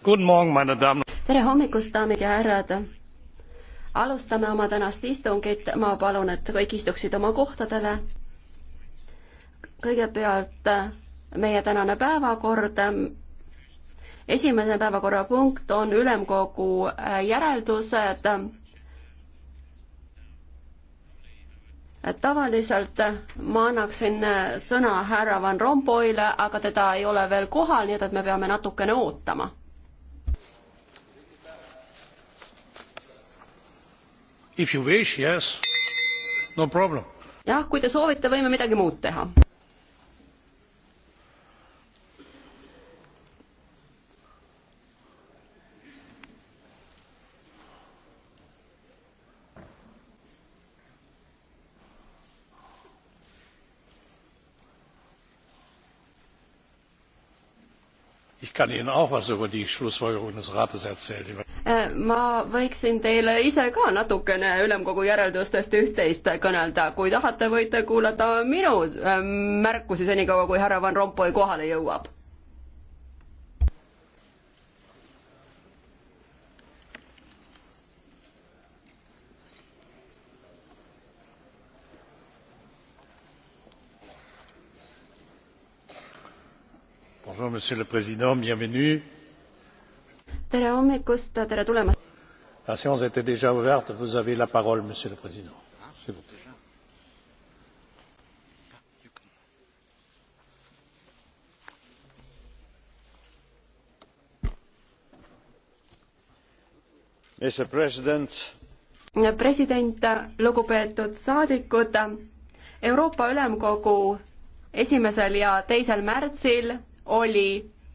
tere hommikust, daamid ja härrad! alustame oma tänast istungit, ma palun, et kõik istuksid oma kohtadele. kõigepealt äh, meie tänane päevakord. esimene päevakorrapunkt on ülemkogu äh, järeldused. tavaliselt äh, ma annaksin sõna härra Van Rompuyle, aga teda ei ole veel kohal, nii et, et me peame natukene ootama If you wish, yes. No problem. jah, kui te soovite, võime midagi muud teha. ich kann ihnen auch etwas über die schlussfolgerungen des rates erzählen. Äh, ma võiksin teile ise ka natukene ülemkogu järeldustest üht-teist kõnelda, kui tahate, võite kuulata minu äh, märkusi senikaua, kui härra Van Rompuy kohale jõuab monsieur le président bienvenue tere hommikust, tere tulemast. La séance était déjà ouverte, vous avez la parole, monsieur le president. president, president, lugupeetud saadikud, Euroopa Ülemkogu esimesel ja teisel märtsil oli